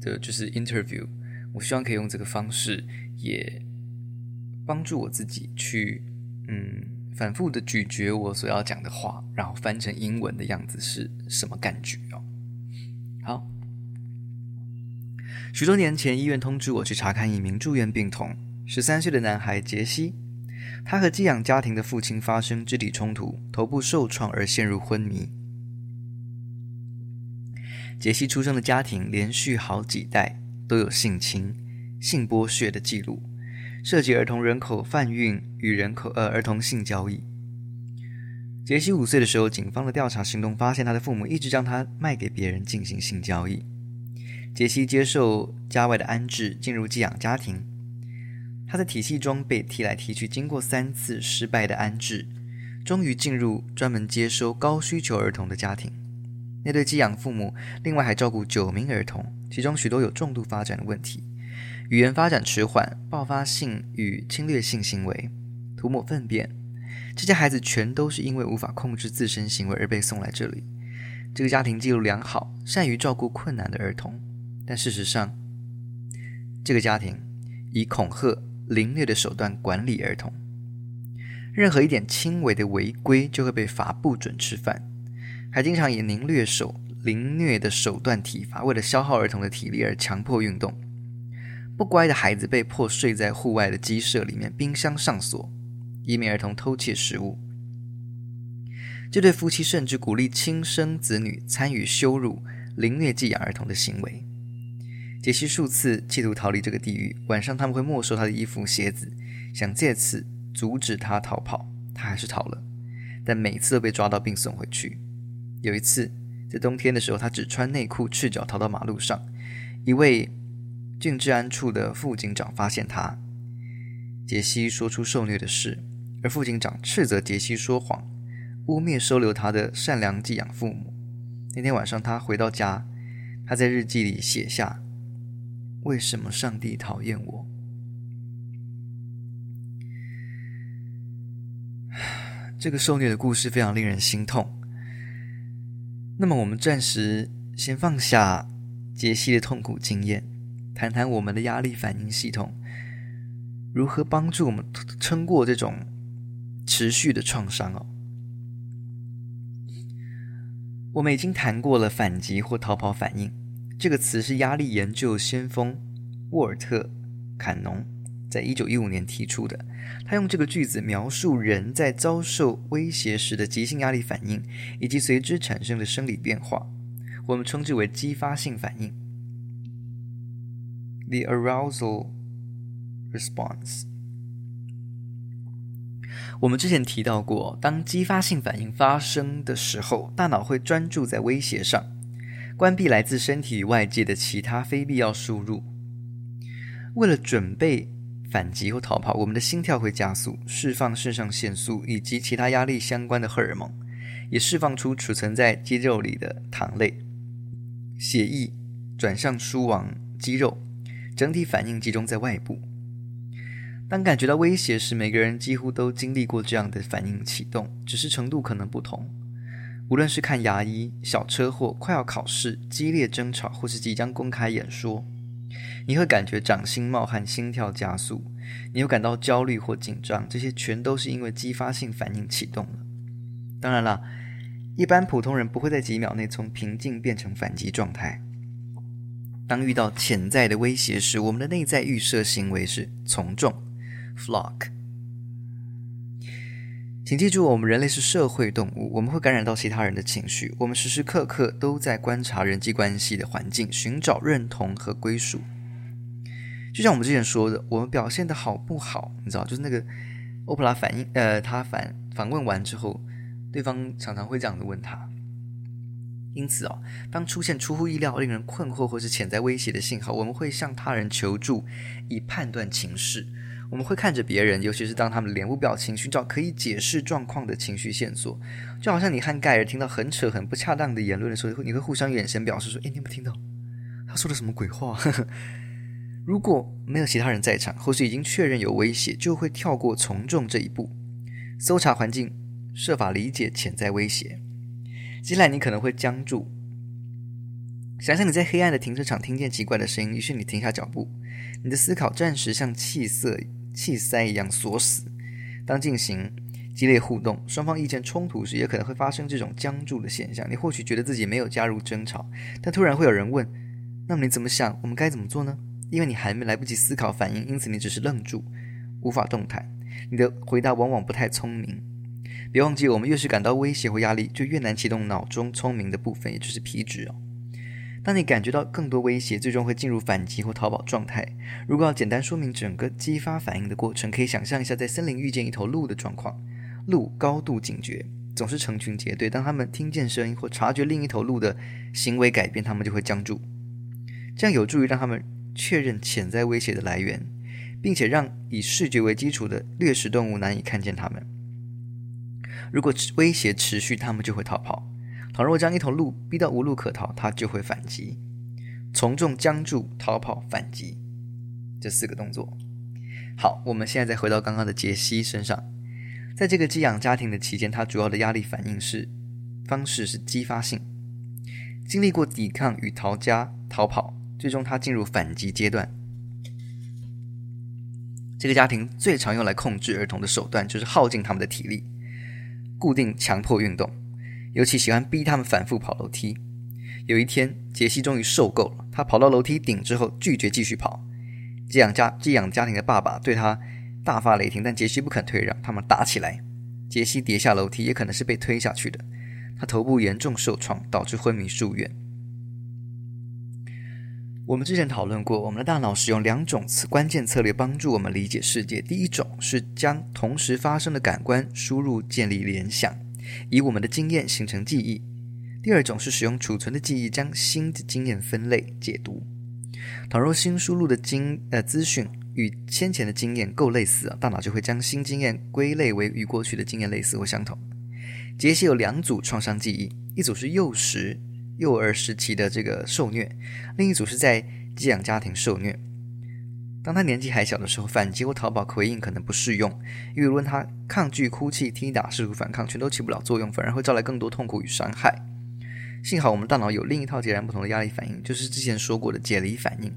這就是 interview，我希望可以用這個方式也幫助我自己去嗯反覆的咀嚼我所要講的話，然後翻成英文的樣子是什麼感覺哦？好，許多年前醫院通知我去查看一名住院病童，十三歲的男孩杰西，他和寄養家庭的父親發生肢體衝突，頭部受創而陷入昏迷。傑西出生的家庭連續好幾代都有性侵、性剝削的記錄，涉及兒童人口販運與人口，呃，兒童性交易。傑西五歲的時候，警方的調查行動發現他的父母一直將他賣給別人進行性交易。傑西接受家外的安置，進入寄養家庭。他在體系中被踢來踢去，經過三次失敗的安置，終於進入專門接收高需求兒童的家庭。那對寄養父母，另外還照顧九名兒童，其中許多有重度發展的問題，語言發展遲緩、爆發性與侵略性行為、塗抹糞便。這些孩子全都是因為無法控制自身行為而被送來這裡。這個家庭記錄良好，善於照顧困難的兒童，但事實上，這個家庭以恐嚇、凌虐的手段管理兒童，任何一點輕微的違規就會被罰不准吃飯。還經常以凌虐手凌虐的手段體罰，為了消耗兒童的體力而強迫運動。不乖的孩子被迫睡在戶外的雞舍裡面，冰箱上鎖，以免兒童偷竊食物。這對夫妻甚至鼓勵親生子女參與羞辱凌虐寄養兒童的行為。傑西數次企圖逃離這個地獄，晚上他們會沒收他的衣服鞋子，想借此阻止他逃跑，他還是逃了，但每次都被抓到並送回去。有一次，在冬天的時候，他只穿內褲赤腳逃到馬路上，一位郡治安處的副警長發現他，杰西說出受虐的事，而副警長斥責杰西說謊，汙衊收留他的善良寄養父母。那天晚上，他回到家，他在日記裡寫下：“為什麼上帝討厭我？”這個受虐的故事非常令人心痛。那麼，我們暫時先放下杰西的痛苦經驗，談談我們的壓力反應系統，如何幫助我們撐過這種持續的創傷哦。我們已經談過了反擊或逃跑反應，這個詞是壓力研究先鋒沃爾特坎農在一九一五年提出的。他用這個句子描述人在遭受威脅時的急性壓力反應，以及隨之產生的生理變化，我們稱之為激發性反應 （the arousal response）。我們之前提到過，當激發性反應發生的時候，大腦會專注在威脅上，關閉來自身體外界的其他非必要輸入，為了準備。反擊或逃跑，我們的心跳會加速，釋放腎上腺素以及其他壓力相關的荷爾蒙，也釋放出儲存在肌肉裡的糖類，血液轉向輸往肌肉，整體反應集中在外部。當感覺到威脅時，每個人幾乎都經歷過這樣的反應啟動，只是程度可能不同。無論是看牙醫、小車禍、快要考試、激烈爭吵，或是即將公開演說。你會感覺掌心冒汗、心跳加速，你又感到焦慮或緊張，這些全都是因為激發性反應啟動了。當然啦，一般普通人不會在幾秒內從平靜變成反擊狀態。當遇到潛在的威脅時，我們的內在預設行為是從眾 （flock）。請記住，我們人類是社會動物，我們會感染到其他人的情緒，我們時時刻刻都在觀察人際關係的環境，尋找認同和歸屬。就像我們之前說的，我們表現得好不好，你知道，就是那個歐普拉反應，呃，他反反問完之後，對方常常會這樣子問他。因此啊、哦，當出現出乎意料、令人困惑或是潛在威脅的信號，我們會向他人求助以判斷情勢。我們會看着別人，尤其是當他們臉無表情，尋找可以解釋狀況的情緒線索。就好像你和蓋爾聽到很扯、很不恰當的言論的時候，你會互相眼神表示說：“誒，你有沒有聽到他說的什麼鬼話？”呵呵。如果沒有其他人在場，或是已經確認有威脅，就會跳過從眾這一步，搜查環境，設法理解潛在威脅。接下來你可能會僵住。想像你在黑暗的停車場聽見奇怪的聲音，於是你停下腳步，你的思考暫時像氣色氣塞一樣鎖死。當進行激烈互動，雙方意見衝突時，也可能會發生這種僵住的現象。你或許覺得自己沒有加入爭吵，但突然會有人問：“那麼你怎麼想？我們該怎麼做呢？”因為你還沒來不及思考反應，因此你只是愣住，無法動彈。你的回答往往不太聰明。別忘記，我們越是感到威脅或壓力，就越難啟動腦中聰明的部分，也就是皮質哦。當你感覺到更多威脅，最終會進入反擊或逃跑狀態。如果要簡單說明整個激發反應的過程，可以想象一下在森林遇見一頭鹿的狀況。鹿高度警覺，總是成群結隊。當他們聽見聲音或察覺另一頭鹿的行為改變，他們就會僵住。這樣有助於讓他們。確認潛在威脅的來源，並且讓以視覺為基礎的掠食動物難以看見它們。如果威脅持續，它們就會逃跑。倘若將一頭鹿逼到無路可逃，它就會反擊。從眾、僵住、逃跑、反擊，這四個動作。好，我們現在再回到剛剛的杰西身上。在這個寄養家庭的期間，它主要的壓力反應是，方式是激發性，經歷過抵抗與逃家、逃跑。最終，他進入反擊階段。這個家庭最常用來控制兒童的手段就是耗盡他們的體力，固定強迫運動，尤其喜歡逼他們反復跑樓梯。有一天，杰西終於受夠了，他跑到樓梯頂之後，拒絕繼續跑。寄養家寄養家庭的爸爸對他大發雷霆，但杰西不肯退讓，他們打起來。杰西跌下樓梯，也可能是被推下去的，他頭部嚴重受創，導致昏迷數月。我們之前討論過，我們的大腦使用兩種關鍵策略幫助我們理解世界。第一種是將同時發生的感官輸入建立聯想，以我們的經驗形成記憶；第二種是使用儲存的記憶將新的經驗分類解讀。倘若新輸入的經呃資訊與先前的經驗夠類似，大腦就會將新經驗歸類為與過去的經驗類似或相同。傑西有兩組創傷記憶，一組是幼時。幼兒時期的這個受虐，另一組是在寄養家庭受虐。當他年紀還小的時候，反擊或逃跑回應可能不適用，因為無論他抗拒、哭泣、踢打、試圖反抗，全都起不了作用，反而會招來更多痛苦與傷害。幸好我們大腦有另一套截然不同的壓力反應，就是之前說過的解離反應。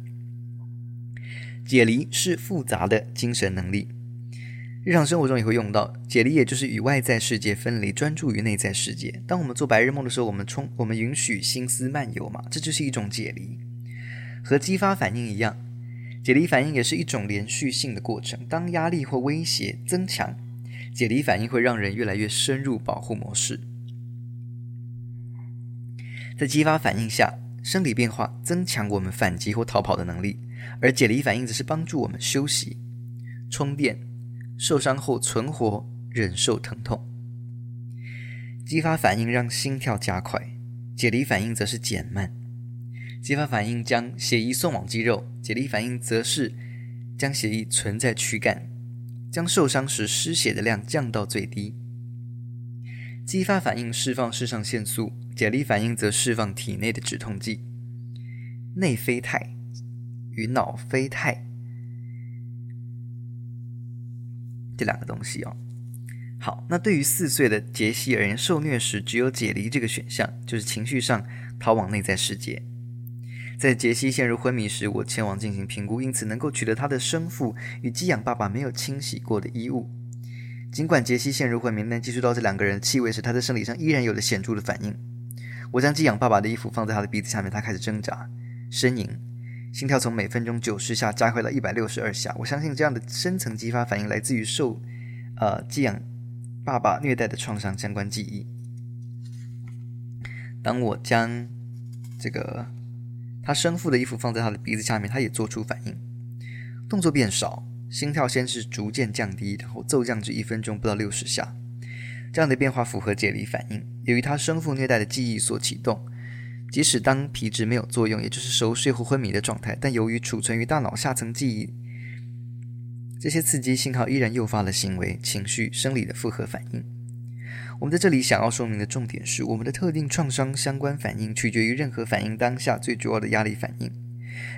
解離是複雜的精神能力。日常生活中也會用到解離，也就是與外在世界分離，專注於內在世界。當我們做白日夢的時候，我們充，我們允許心思漫遊嘛，這就是一種解離。和激發反應一樣，解離反應也是一種連續性的過程。當壓力或威脅增強，解離反應會讓人越來越深入保護模式。在激發反應下，生理變化增強我們反擊或逃跑的能力，而解離反應則是幫助我們休息、充電。受傷後存活，忍受疼痛，激發反應讓心跳加快；解離反應則是減慢。激發反應將血液送往肌肉，解離反應則是將血液存在軀幹，將受傷時失血的量降到最低。激發反應釋放腎上腺素，解離反應則釋放體內的止痛劑。內啡肽與腦啡肽。這兩個東西哦，好，那對於四歲的杰西而言，受虐時只有解離這個選項，就是情緒上逃往內在世界。在杰西陷入昏迷時，我前往進行評估，因此能夠取得他的生父與寄養爸爸沒有清洗過的衣物。儘管杰西陷入昏迷，但接觸到這兩個人的氣味時，他在生理上依然有了顯著的反應。我將寄養爸爸的衣服放在他的鼻子下面，他開始掙扎、呻吟。心跳從每分鐘九十下加快到一百六十二下。我相信這樣的深層激發反應來自於受，呃，寄養爸爸虐待的創傷相關記憶。當我將這個他生父的衣服放在他的鼻子下面，他也做出反應，動作變少，心跳先是逐漸降低，然後驟降至一分鐘不到六十下。這樣的變化符合解離反應，由於他生父虐待的記憶所啟動。即使當皮質沒有作用，也就是熟睡或昏迷的狀態，但由於儲存於大腦下層記憶，這些刺激信號依然誘發了行為、情緒、生理的複合反應。我們在這裡想要說明的重點是，我們的特定創傷相關反應取決於任何反應當下最主要的壓力反應。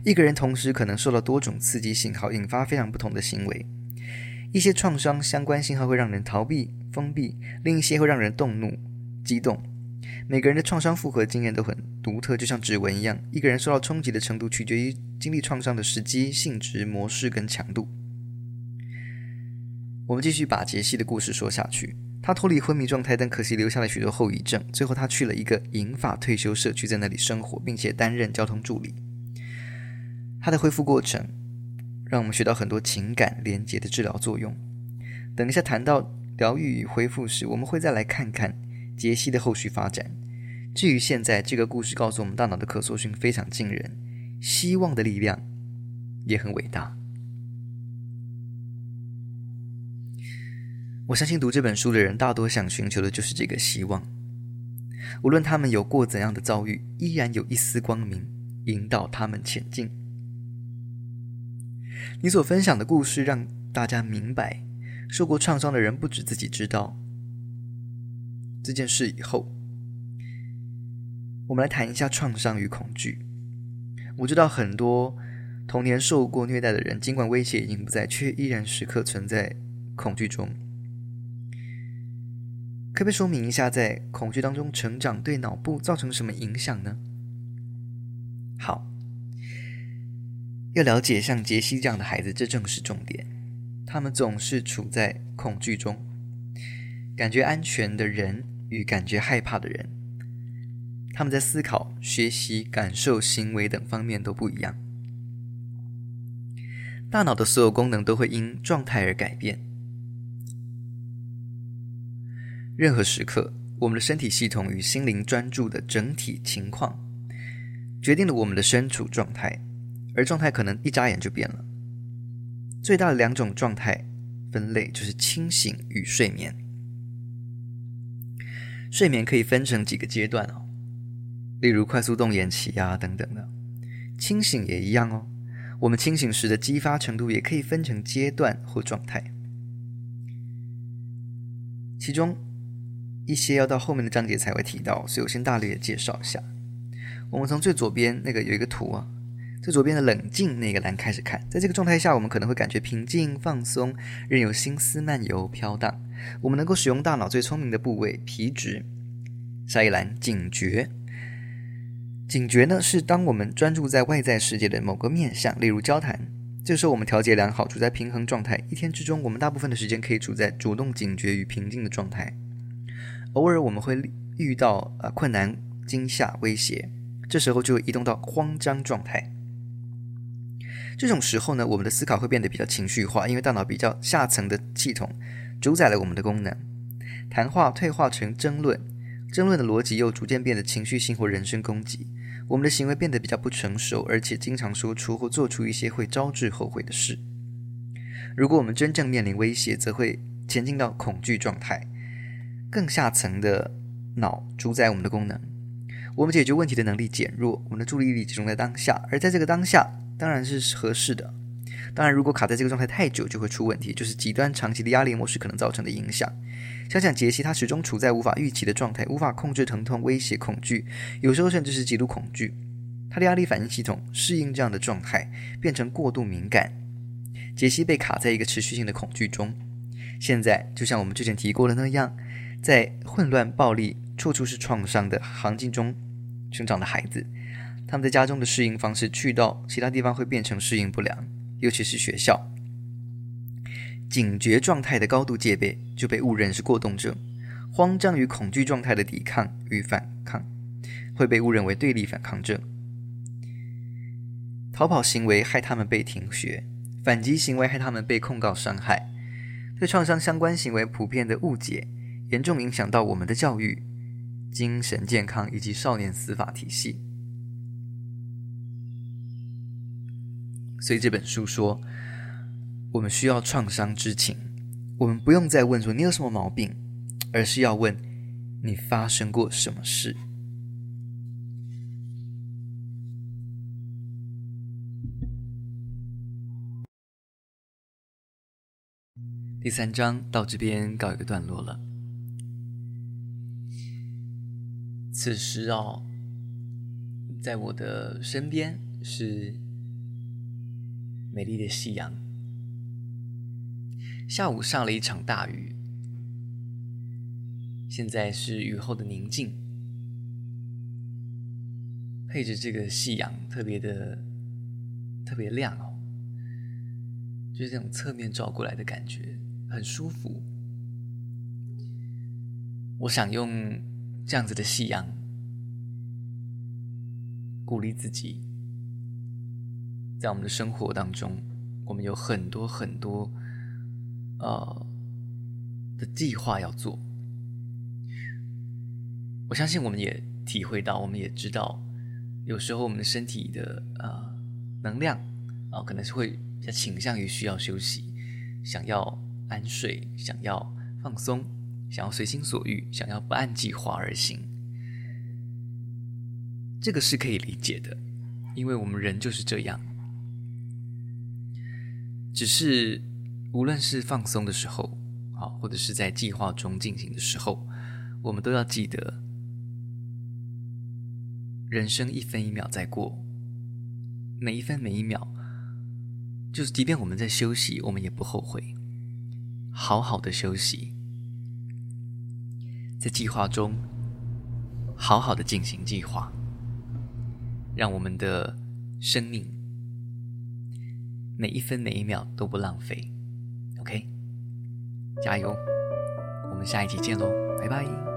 一個人同時可能受到多種刺激信號，引發非常不同的行為。一些創傷相關信號會讓人逃避、封閉，另一些會讓人動怒、激動。每個人的創傷複合經驗都很獨特，就像指紋一樣。一個人受到衝擊的程度，取決於經歷創傷的時機、性質、模式跟強度。我們繼續把杰西的故事說下去。他脫離昏迷狀態，但可惜留下了許多後遺症。最後，他去了一個銀髮退休社區，在那裡生活，並且擔任交通助理。他的恢復過程讓我們學到很多情感聯結的治療作用。等一下談到療癒與恢復時，我們會再來看看。傑西的後續發展。至於現在，這個故事告訴我們，大腦的可塑性非常驚人，希望的力量也很偉大。我相信，讀這本書的人大多想尋求的就是這個希望。無論他們有過怎樣的遭遇，依然有一絲光明引導他們前進。你所分享的故事讓大家明白，受過創傷的人不止自己知道。這件事以後，我們來談一下創傷與恐懼。我知道很多童年受過虐待的人，儘管威脅已經不在，卻依然時刻存在恐懼中。可不可以說明一下，在恐懼當中成長對腦部造成什麼影響呢？好，要了解像杰西這樣的孩子，這正是重點。他們總是處在恐懼中。感覺安全的人，與感覺害怕的人，他們在思考、學習、感受、行為等方面都不一樣。大腦的所有功能都會因狀態而改變。任何時刻，我們的身體系統與心靈專注的整體情況，決定了我們的身處狀態，而狀態可能一眨眼就變了。最大的兩種狀態分類就是清醒與睡眠。睡眠可以分成幾個階段哦，例如快速動眼期啊等等的。清醒也一樣哦，我們清醒時的激發程度也可以分成階段或狀態。其中一些要到後面的章節才會提到，所以我先大略介紹一下。我們從最左邊那個有一個圖啊，最左邊的冷靜那個欄開始看，在這個狀態下，我們可能會感覺平靜、放鬆，任由心思漫遊飄蕩。我們能夠使用大腦最聰明的部位——皮質。下一欄，警覺。警覺呢，是當我們專注在外在世界的某個面向，例如交談，這時候我們調節良好，處在平衡狀態。一天之中，我們大部分的時間可以處在主動警覺與平靜的狀態。偶爾我們會遇到呃困難、驚嚇、威脅，這時候就會移動到慌張狀態。這種時候呢，我們的思考會變得比較情緒化，因為大腦比較下層的系統。主宰了我們的功能，談話退化成爭論，爭論的邏輯又逐漸變得情緒性或人身攻擊。我們的行為變得比較不成熟，而且經常說出或做出一些會招致後悔的事。如果我們真正面臨威脅，則會前進到恐懼狀態，更下層的腦主宰我們的功能。我們解決問題的能力減弱，我們的注意力，力集中在當下，而在這個當下當然是合適的。當然，如果卡在這個狀態太久，就會出問題，就是極端長期的壓力模式可能造成的影響。想想傑西，他始終處在無法預期的狀態，無法控制疼痛、威脅、恐懼，有時候甚至是極度恐懼。他的壓力反應系統適應這樣的狀態，變成過度敏感。傑西被卡在一個持續性的恐懼中。現在，就像我們之前提過的那樣，在混亂、暴力、處處是創傷的環境中成長的孩子，他們在家中的適應方式，去到其他地方會變成適應不良。尤其是學校，警覺狀態的高度戒備就被誤認為是過動症；慌張與恐懼狀態的抵抗與反抗會被誤認為對立反抗症；逃跑行為害他們被停學，反擊行為害他們被控告傷害。對創傷相關行為普遍的誤解，嚴重影響到我們的教育、精神健康以及少年司法體系。所以這本書說，我們需要創傷知情。我們不用再問說，你有什麼毛病，而是要問你發生過什麼事。第三章到這邊告一個段落了。此時哦，在我的身邊是，美麗的夕陽，下午下了一場大雨，現在是雨後的寧靜，配着這個夕陽，特別的特別亮哦，就是這種側面照過來的感覺，很舒服。我想用這樣子的夕陽鼓勵自己。在我們的生活當中，我們有很多很多，呃，的計劃要做。我相信我們也體會到，我們也知道，有時候我們的身體的呃能量啊，呃，可能是會比較傾向於需要休息，想要安睡，想要放鬆，想要隨心所欲，想要不按計劃而行。這個是可以理解的，因為我們人就是這樣。只是，無論是放鬆的時候，啊，或者是在計劃中進行的時候，我們都要記得，人生一分一秒在過，每一分每一秒，就是即便我們在休息，我們也不後悔，好好的休息，在計劃中，好好的進行計劃，讓我們的生命。每一分每一秒都不浪費，OK，加油，我們下一集見嘍，拜拜。